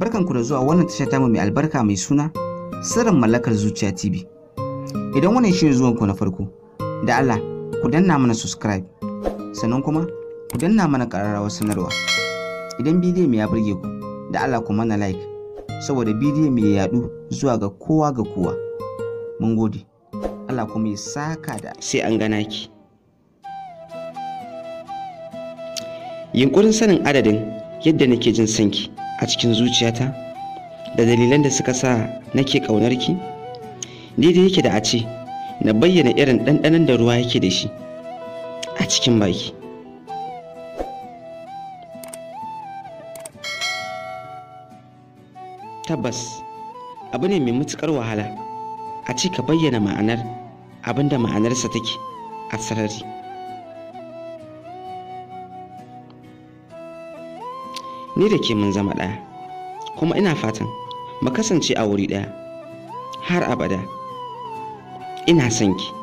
barkanku da zuwa wannan tashar tamu mai albarka mai suna sirrin mallakar zuciya tv idan wannan shi zuwan ku na farko da allah ku danna mana subscribe sannan kuma ku danna mana ƙararrawar sanarwa idan bidiyon mai ya burge ku da allah ku mana like saboda bidiyo mai yaɗu zuwa ga kowa ga kowa mun gode allah kuma ya saka da sai an gana ki yunkurin sanin adadin yadda nake jin sanki a cikin zuciyata da dalilan da suka sa nake ƙaunarki daidai yake da a ce na bayyana irin ɗanɗanon da ruwa yake da shi a cikin baki tabbas abu ne mai matuƙar wahala a ce ka bayyana ma'anar abinda ma'anarsa take a sarari ni da ke mun zama ɗaya kuma ina fatan mu kasance a wuri ɗaya har abada ina son ki